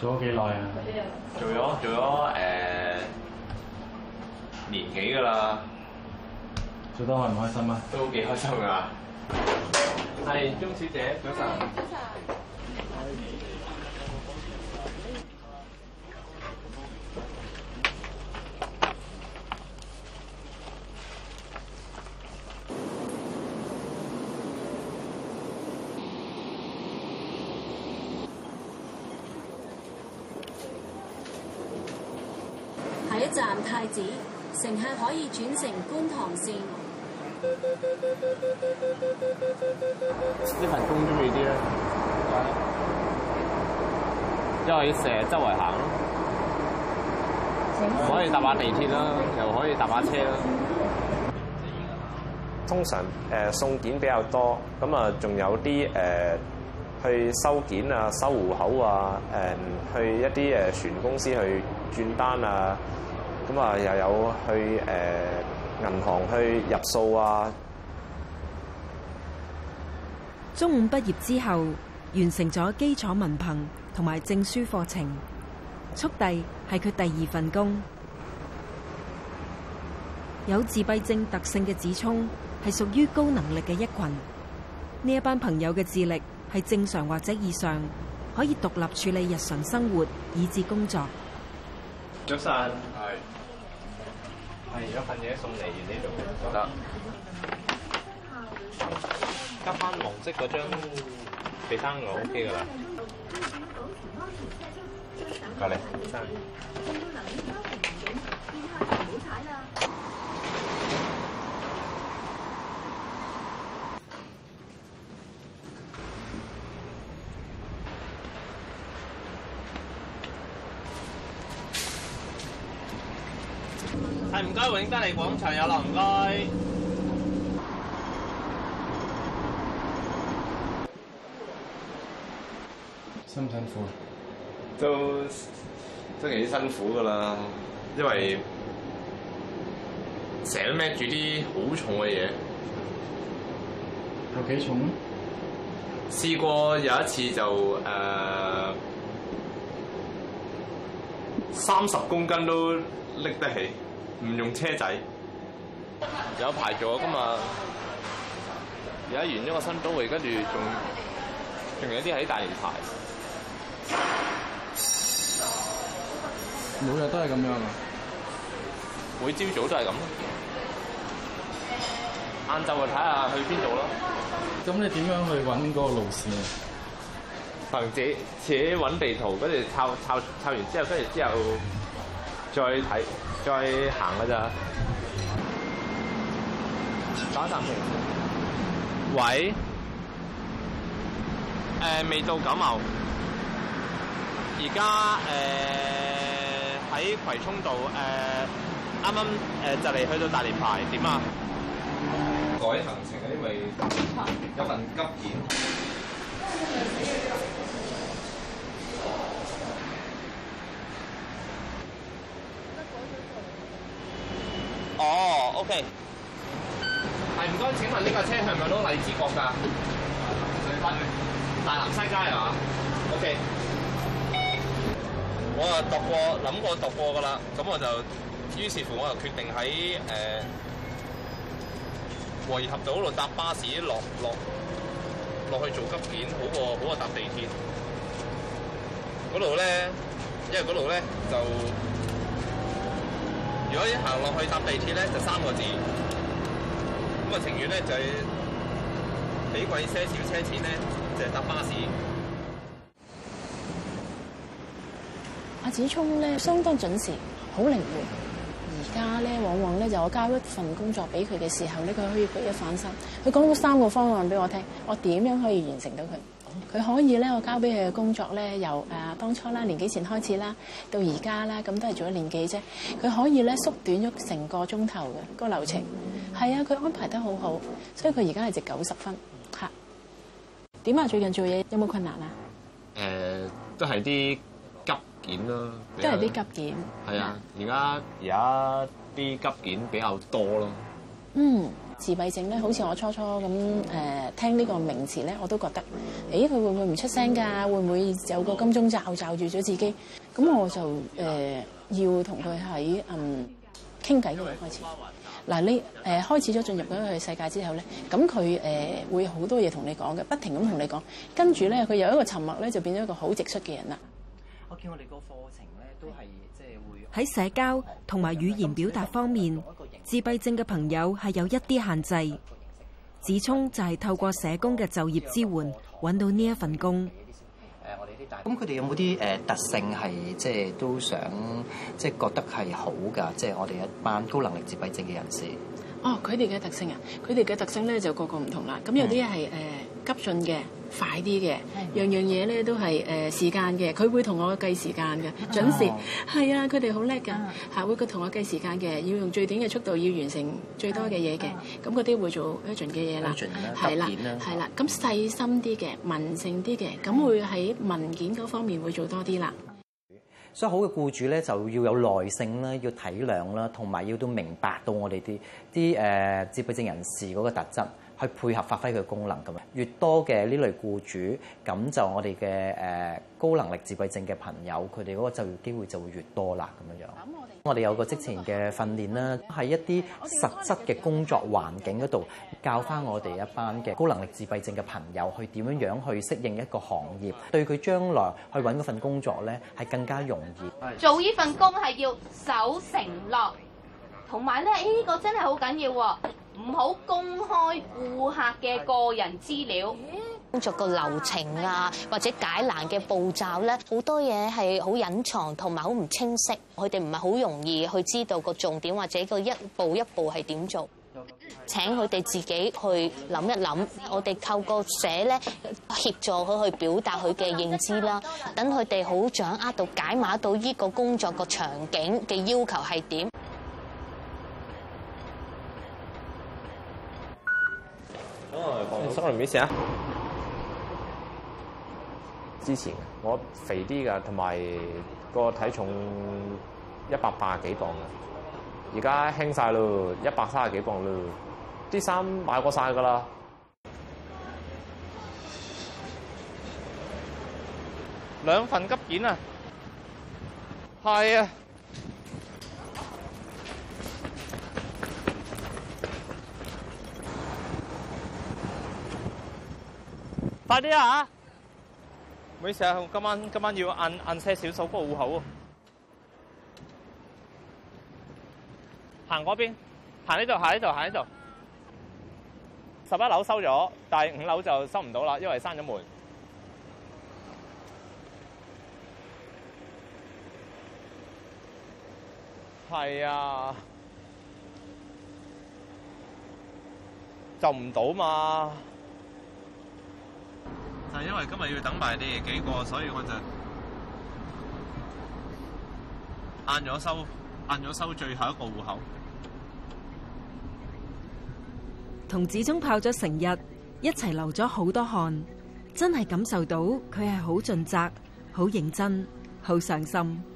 做咗幾耐啊？做咗做咗誒、呃、年幾㗎啦？做得開唔開心啊？都幾開心㗎、啊。係鍾小姐，早晨。早晨。Hi. 乘客可以轉乘觀塘線。呢份工中意啲咧，因為要成日周圍行咯，可以搭下地鐵啦，又可以搭下、嗯、車啦。 通常誒送件比較多，咁啊仲有啲誒去收件啊、收戶口啊、誒去一啲誒船公司去轉單啊。咁啊，又有去誒銀行去入數啊。中五畢業之後完成咗基礎文憑同埋證書課程，速遞係佢第二份工。有自閉症特性嘅子聰係屬於高能力嘅一群，呢一班朋友嘅智力係正常或者以上，可以獨立處理日常生活以至工作。早晨，係。係，有份嘢送嚟完呢度得。扱翻黃色嗰張地單落，OK 噶啦。得咧。德利廣場有落唔該。辛唔辛苦啊？都都幾辛苦㗎喇，因為成日孭住啲好重嘅嘢。有幾重咧？試過有一次就誒三十公斤都拎得起。唔用車仔，了有排咗噶嘛？而家完咗個新都會，跟住仲仲有啲喺大連排，每日都係咁樣，每朝早都係咁，晏晝就睇下去邊度咯。咁你點樣去揾嗰個路線啊？或者且揾地圖，跟住抄抄抄完之後，跟住之後再睇。再行噶咋？打暫停。喂？誒、呃、未到九冒？而家誒喺葵涌道誒，啱啱誒就嚟去到大連排點啊？改行程啊，因為有份急件。O K，係唔該，請問呢架車係咪攞荔枝角㗎？大南西街係嘛？O K，我啊度過，諗過度過㗎啦，咁我就於是乎我就決定喺誒維合道嗰度搭巴士落落落去做急件，好過好過搭地鐵。嗰度咧，因為嗰度咧就。如果一行落去搭地鐵咧，就三個字。咁、就是、啊，情願咧就係俾貴些少車錢咧，就係搭巴士。阿子聰咧，相當準時，好靈活。而家咧，往往咧就我交一份工作俾佢嘅時候咧，佢可以舉一反三。佢講咗三個方案俾我聽，我點樣可以完成到佢？佢可以咧，我交俾佢嘅工作咧，由誒當初啦，年幾前開始啦，到而家啦，咁都係做咗年幾啫。佢可以咧，縮短咗成個鐘頭嘅個流程，係啊，佢安排得好好，所以佢而家係值九十分嚇。點、嗯、啊？最近做嘢有冇困難啊？誒，都係啲急件咯，都係啲急件。係啊，而家而家啲急件比較多咯。嗯。自閉症咧，好似我初初咁誒、呃、聽呢個名詞咧，我都覺得，誒佢會唔會唔出聲㗎？會唔會有個金鐘罩罩住咗自己？咁我就誒、呃、要同佢喺嗯傾偈嘅開始。嗱、呃，你誒、呃、開始咗進入咗佢世界之後咧，咁佢誒會好多嘢同你講嘅，不停咁同你講。跟住咧，佢有一個沉默咧，就變咗一個好直率嘅人啦。我見我哋個課程咧，都係即係會喺社交同埋語言表達方面。自閉症嘅朋友係有一啲限制，子聰就係透過社工嘅就業支援揾到呢一份工。咁佢哋有冇啲誒特性係即係都想即係、即係、覺得係好噶？即、就、係、係、我哋一班高能力自閉症嘅人士。哦，佢哋嘅特性啊，佢哋嘅特性咧就個個唔同啦。咁有啲係誒。嗯急進嘅快啲嘅，樣樣嘢咧都係誒時間嘅，佢會同我計時間嘅準時。係、哦、啊，佢哋好叻噶，嚇、嗯、會同我計時間嘅，要用最短嘅速度要完成最多嘅嘢嘅，咁嗰啲會做急進嘅嘢啦。係、嗯、啦，係啦，咁細心啲嘅、文靜啲嘅，咁、嗯、會喺文件嗰方面會做多啲啦。所以好嘅僱主咧，就要有耐性啦，要體諒啦，同埋要都明白到我哋啲啲誒自閉症人士嗰個特質。去配合發揮佢功能咁樣，越多嘅呢類僱主，咁就我哋嘅誒高能力自閉症嘅朋友，佢哋嗰個就業機會就會越多啦咁樣樣。咁我哋有個職前嘅訓練啦，喺一啲實質嘅工作環境嗰度，教翻我哋一班嘅高能力自閉症嘅朋友，去點樣樣去適應一個行業，對佢將來去揾嗰份工作咧，係更加容易。做呢份工係要守承諾，同埋咧呢個真係好緊要喎。唔好公開顧客嘅個人資料。工作個流程啊，或者解難嘅步驟咧，好多嘢係好隱藏，同埋好唔清晰。佢哋唔係好容易去知道個重點，或者個一步一步係點做。請佢哋自己去諗一諗。我哋透過寫咧協助佢去表達佢嘅認知啦。等佢哋好掌握到解碼到依個工作個場景嘅要求係點。幾時啊？之前我肥啲噶，同埋個體重一百八十幾磅噶，而家輕晒咯，一百三十幾磅咯，啲衫買過晒噶啦，兩份急件啊，係啊。快啲啊！唔好意思啊，我今晚今晚要摁摁車，小手封戶口啊！行嗰邊，行呢度，行呢度，行呢度。十一樓收咗，但係五樓就收唔到啦，因為閂咗門。係啊，就唔到嘛。但係因為今日要等埋你哋幾個，所以我就晏咗收，晏咗收最後一個戶口。同子聰泡咗成日，一齊流咗好多汗，真係感受到佢係好盡責、好認真、好上心。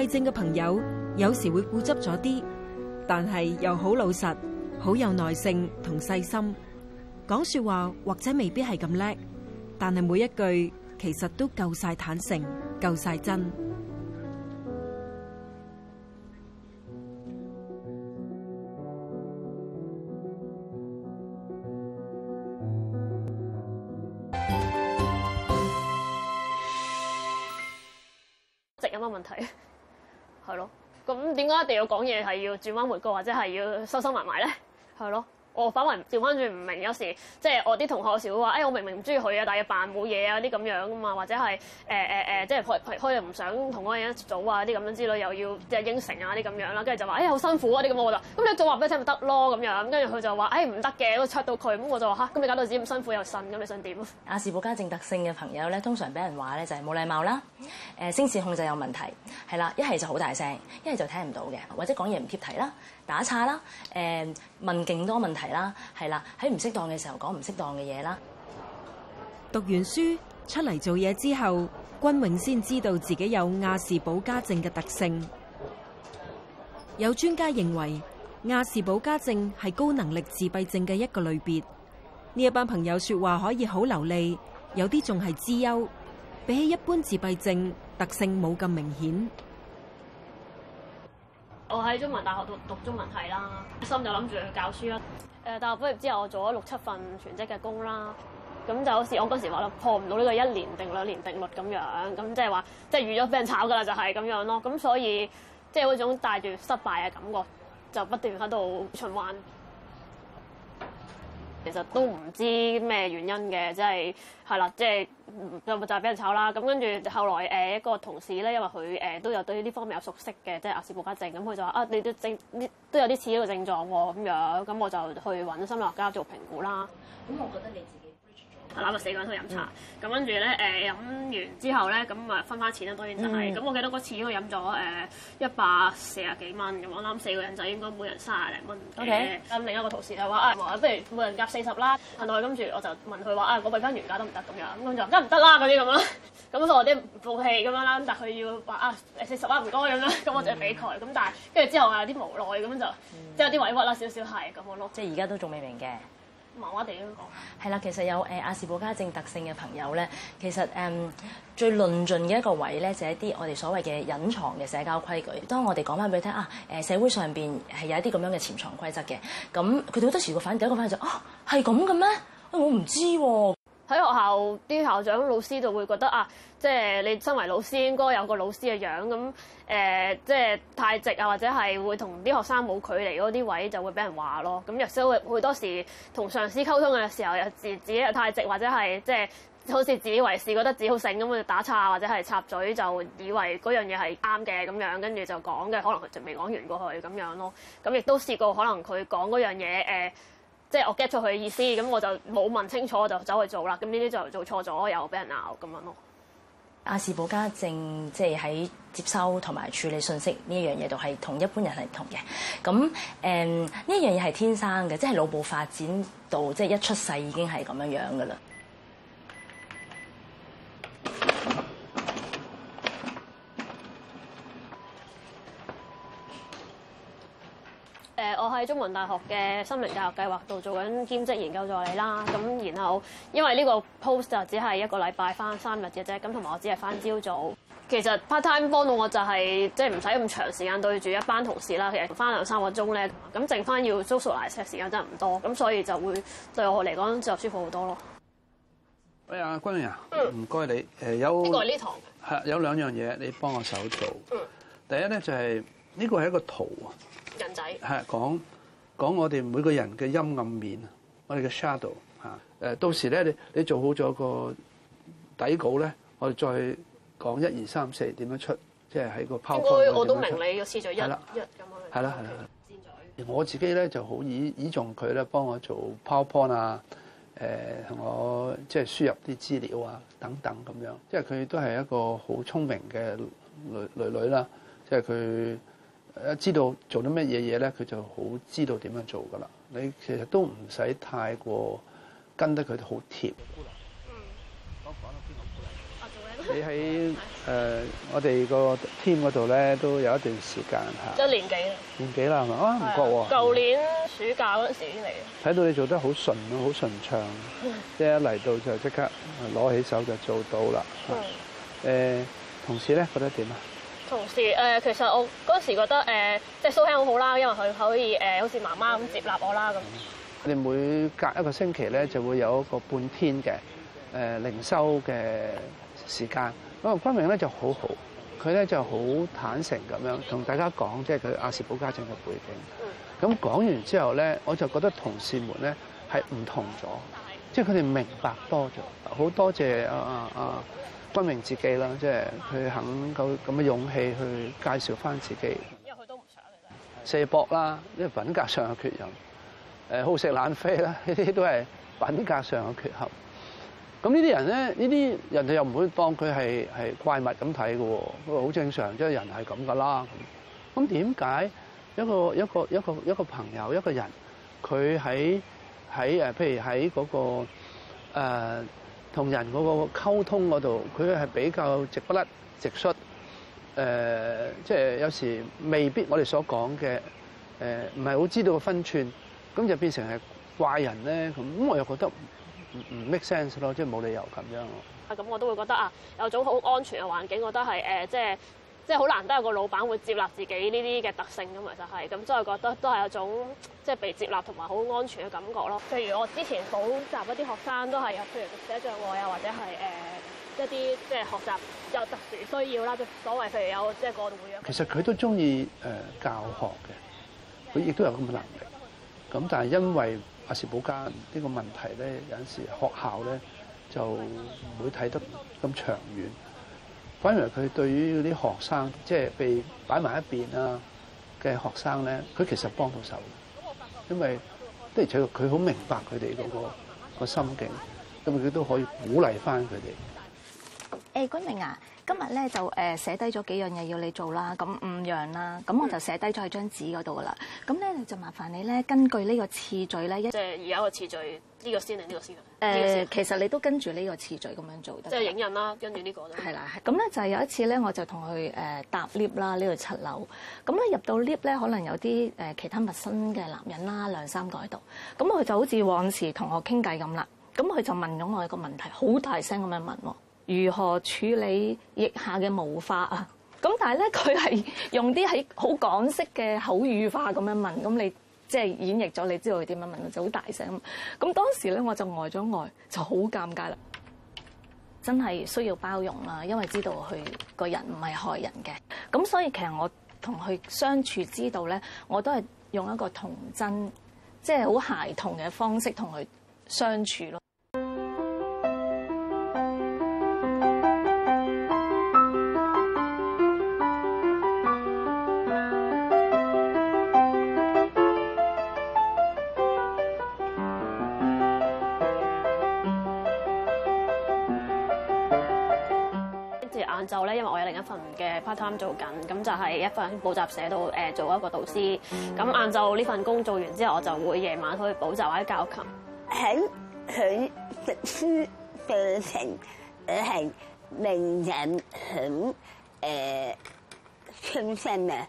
自閉症嘅朋友有時會固執咗啲，但係又好老實，好有耐性同細心。講說話或者未必係咁叻，但係每一句其實都夠晒坦誠，夠晒真。你要講嘢係要轉彎抹角，或者係要收收埋埋咧，係咯。反而反而不我反問，調翻轉唔明，有時即係我啲同學有時會話，誒、哎、我明明唔中意佢啊，但係扮冇嘢啊啲咁樣噶嘛，或者係誒誒誒，即係佢開又唔想同我一組啊啲咁樣之類，又要即係應承啊啲咁樣啦，跟住就話，誒、哎、好辛苦啊啲咁，我就咁你一早話俾我聽咪、啊、得咯咁樣，跟住佢就話，誒唔得嘅，我睬到佢，咁我就話吓，咁你搞到自己咁辛苦又呻，咁你想點啊？亞氏保加症特性嘅朋友咧，通常俾人話咧就係冇禮貌啦，誒聲線控制有問題，係啦，一係就好大聲，一係就聽唔到嘅，或者講嘢唔貼題啦，打岔啦，誒問勁多問題。係啦，係啦，喺唔適當嘅時候講唔適當嘅嘢啦。讀完書出嚟做嘢之後，君永先知道自己有亞氏保加症嘅特性。有專家認為亞氏保加症係高能力自閉症嘅一個類別。呢一班朋友說話可以好流利，有啲仲係資優。比起一般自閉症，特性冇咁明顯。我喺中文大學讀讀中文系啦，一心就諗住去教書啦。誒大學畢業之後，我做咗六七份全職嘅工啦，咁就好似我嗰時話咯，破唔到呢個一年定兩年定律咁樣，咁即係話即係預咗俾人炒㗎啦，就係咁樣咯，咁所以即係嗰種帶住失敗嘅感覺，就不斷喺度循環。其實都唔知咩原因嘅，即係係啦，即係就、就係俾人炒啦。咁跟住後來誒一、個同事咧，因為佢誒都有對呢方面有熟悉嘅，即係亞氏保加症，咁佢就話：啊，你都症，症，都有啲似呢個症狀喎、哦、咁樣。咁我就去搵咗心理學家做評估啦。咁我覺得你。攬埋四個人去度飲茶，咁跟住咧誒飲完之後咧，咁啊分翻錢啦、嗯，當然就係、是。咁我記得嗰次應該飲咗誒一百四十幾蚊咁，攬、呃、四個人就應該每人卅零蚊嘅。咁、okay. 另一個同事就話啊，不如每人夾四十啦。問我，跟住我就問佢話啊，我俾翻原價都唔得咁樣，咁就得唔得啦？嗰啲咁啦。咁所以我啲唔服氣咁樣啦，但佢要話啊誒四十蚊唔該咁啦，咁我就俾佢。咁、嗯、但係跟住之後有啲無奈咁樣就、嗯、即係有啲委屈啦，少少係咁樣咯。即係而家都仲未明嘅。麻麻地都講係啦，其實有誒亞氏保加症特性嘅朋友咧，其實誒最論盡嘅一個位咧，就係、是、一啲我哋所謂嘅隱藏嘅社交規矩。當我哋講翻俾你聽啊，誒社會上邊係有一啲咁樣嘅潛藏規則嘅，咁佢哋好多時個反應第一個反應就啊，係咁嘅咩？啊，我唔知喎、啊。喺學校啲校長老師就會覺得啊，即係你身為老師應該有個老師嘅樣咁，誒、呃，即係太直啊，或者係會同啲學生冇距離嗰啲位就會俾人話咯。咁亦都會好多時同上司溝通嘅時候，又自自己又太直，或者係即係好似自以為是，覺得自己好醒咁，就打岔或者係插嘴，就以為嗰樣嘢係啱嘅咁樣，跟住就講嘅，可能就未講完過去咁樣咯。咁亦都試過可能佢講嗰樣嘢誒。呃即係我 get 咗佢意思，咁我就冇問清楚，我就走去做啦。咁呢啲就做錯咗，又俾人鬧咁樣咯。亞氏保加症，即係喺接收同埋處理信息呢一樣嘢度係同一般人係唔同嘅。咁誒呢一樣嘢係天生嘅，即係腦部發展到即係一出世已經係咁樣樣㗎啦。喺中文大學嘅心靈教育計劃度做緊兼職研究助理啦，咁然後因為呢個 post 就只係一個禮拜返三日嘅啫，咁同埋我只係返朝早。其實 part time 幫到我就係即係唔使咁長時間對住一班同事啦，其實返兩三個鐘咧，咁剩返要 socialize 嘅時間真係唔多，咁所以就會對我嚟講就舒服好多咯。喂、哎，阿君仁，唔、嗯、該你。誒，有、這、呢、個、堂有兩樣嘢你幫我手做。嗯、第一咧就係、是。呢個係一個圖啊，人仔係講講我哋每個人嘅陰暗面啊，我哋嘅 shadow 嚇誒，到時咧你你做好咗個底稿咧，我哋再講一二三四點樣出，即係喺個 PowerPoint 嗰度。應該我都明你嘅思想一，一咁樣。係啦係啦。我自己咧就好倚倚重佢咧，幫我做 PowerPoint 啊，誒、呃、同我即係輸入啲資料啊等等咁樣，即係佢都係一個好聰明嘅女女女啦，即係佢。誒，知道做啲咩嘢嘢咧，佢就好知道點樣做噶啦。你其實都唔使太過跟得佢好貼你。嗯、呃。講講都聽我講。啊，仲有。你喺誒我哋個 team 嗰度咧，都有一段時間嚇。一年幾？年幾啦？係、哦、咪啊？唔覺喎。舊年暑假嗰陣時先嚟。睇到你做得好順咯，好順暢。即係一嚟到就即刻攞起手就做到啦。係。誒，同事咧覺得點啊？同事誒，其實我嗰時覺得誒，即係蘇卿好好啦，因為佢可以誒，好似媽媽咁接納我啦咁。你、嗯、每隔一個星期咧，就會有一個半天嘅誒零收嘅時間。咁阿軍明咧就好好，佢咧就好坦誠咁樣同大家講，即係佢亞氏保加症嘅背景。咁講完之後咧，我就覺得同事們咧係唔同咗，即係佢哋明白多咗。好多謝啊啊！啊。不明自己啦，即係佢肯夠咁嘅勇氣去介紹翻自己。因為佢都唔想嚟啫。射博啦，因為品格上有缺人，好食懶飛啦，呢啲都係品格上有缺陷。咁呢啲人咧，呢啲人哋又唔會當佢係怪物咁睇㗎喎。不過好正常，即係人係咁㗎啦。咁點解一個一個一個一個朋友一個人，佢喺喺誒，譬如喺嗰個、呃同人嗰個溝通嗰度，佢係比較直不甩、直率，誒、呃，即係有時未必我哋所講嘅，誒、呃，唔係好知道個分寸，咁就變成係怪人咧。咁我又覺得唔唔 make sense 咯，即係冇理由咁樣。啊，咁我都會覺得啊，有種好安全嘅環境，我覺得係誒，即係。即係好難得有個老闆會接納自己呢啲嘅特性咁，其實係咁，所以覺得都係有種即係被接納同埋好安全嘅感覺咯。譬如我之前補習一啲學生都係，有譬如讀寫障礙啊，或者係誒、呃、一啲即係學習有特殊需要啦，即係所謂譬如有即係個別嘅。其實佢都中意誒教學嘅，佢亦都有咁嘅能力。咁但係因為阿士保加呢個問題咧，有陣時學校咧就唔會睇得咁長遠。反而佢對於啲學生，即係被擺埋一邊啊嘅學生咧，佢其實幫到手嘅，因為即係除咗佢好明白佢哋嗰個心境，咁佢都可以鼓勵翻佢哋。君、hey, 明啊，今日咧就誒、呃、寫低咗幾樣嘢要你做啦，咁五樣啦，咁我就寫低咗喺張紙嗰度噶啦。咁咧你就麻煩你咧，根據呢個次序咧，一即係而家個次序，呢個先定呢個先啊？其實你都跟住呢個次序咁樣做即係、就是、影印、啊、啦，跟住呢個啫。係啦，係。咁咧就有一次咧，我就同佢、呃、搭 lift 啦，呢度七樓。咁咧入到 lift 咧，可能有啲、呃、其他陌生嘅男人啦，兩三個喺度。咁佢就好似往時同我傾偈咁啦。咁佢就問咗我一個問題，好大聲咁樣問、喎如何處理腋下嘅毛髮啊？咁 但係咧，佢係用啲喺好港式嘅口語化咁樣問，咁你即係、就是、演繹咗，你知道佢點樣問就好大聲咁。咁當時咧，我就呆咗呆，就好尷尬啦。 真係需要包容啦，因為知道佢個人唔係害人嘅。咁所以其實我，跟他我同佢、就是、相處之道咧，我都係用一個童真，即係好孩童嘅方式同佢相處咯。就咧，因為我有另一份嘅 part time 做緊，咁就係、係、一份補習社度做一個導師。咁晏晝呢份工做完之後，我就會夜晚上去補習或者教琴。喺佢讀書嘅情係令人響誒精神啊，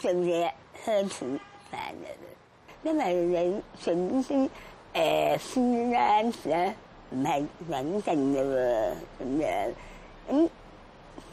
正熱開心啊，因為你讀書誒書咧，咧唔係穩定嘅喎咁。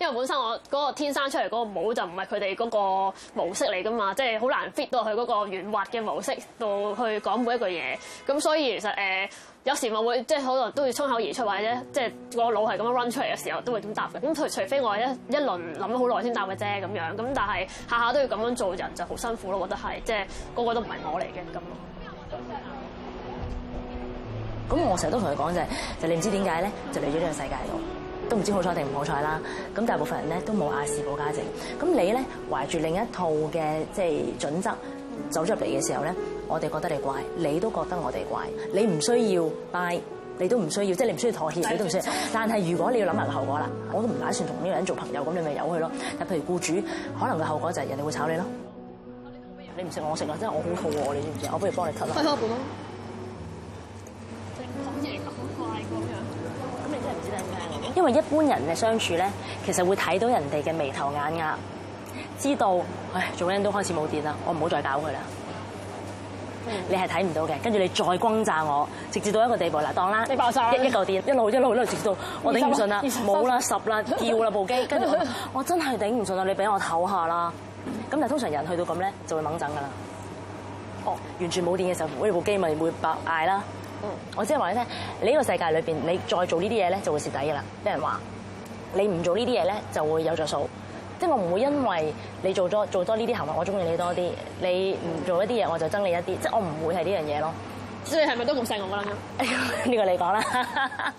因為本身我嗰個天生出嚟嗰個模就唔係佢哋嗰個模式嚟噶嘛，即係好難 fit 到去嗰個圓滑嘅模式度去講每一句嘢。咁所以其實誒、呃，有時候我會唔會即係可能都會衝口而出，或者即係個腦係咁樣 run 出嚟嘅時候都會點答嘅。咁除除非我一一輪諗咗好耐先答嘅啫咁樣。咁但係下下都要咁樣做人就好辛苦咯，我覺得係即係個個都唔係我嚟嘅咁。咁我成日都同佢講就係就你唔知點解咧，就嚟咗呢個世界度。都唔知好彩定唔好彩啦！咁大部分人咧都冇亞氏保加症，咁你咧懷住另一套嘅即係準則走咗入嚟嘅時候咧，我哋覺得你怪，你都覺得我哋怪，你唔需要拜，你都唔需要，即係你唔需要妥協，你都唔需要。但係如果你要諗埋個後果啦，我都唔打算同呢個人做朋友，咁你咪由佢咯。但譬如僱主，可能嘅後果就係人哋會炒你咯。你唔食我食咯，即係我真好肚餓，你知唔知我不如幫你吞下。因為一般人嘅相處咧，其實會睇到人哋嘅眉頭眼壓，知道唉，做咩人都開始冇電啦，我唔好再搞佢啦。你係睇唔到嘅，跟住你再轟炸我，直至到一個地步啦，當啦，你爆晒，一一舊電一路一路一路直至到我頂唔順啦，冇啦十啦，掉啦部機，跟住我，我真係頂唔順啦，你俾我唞下啦。咁但係通常人去到咁咧，就會掹陣噶啦。哦，完全冇電嘅時候，我呢部機咪會白嗌啦。我只係話你聽，你呢個世界裏邊，你再做呢啲嘢咧就會蝕底噶啦。畀人話你唔做呢啲嘢咧就會有著數，即係我唔會因為你做咗做多呢啲行為，我中意你多啲。你唔做一啲嘢，我就憎你一啲。即係我唔會係呢樣嘢咯。所以係咪都咁細我㗎啦？呢個你講啦。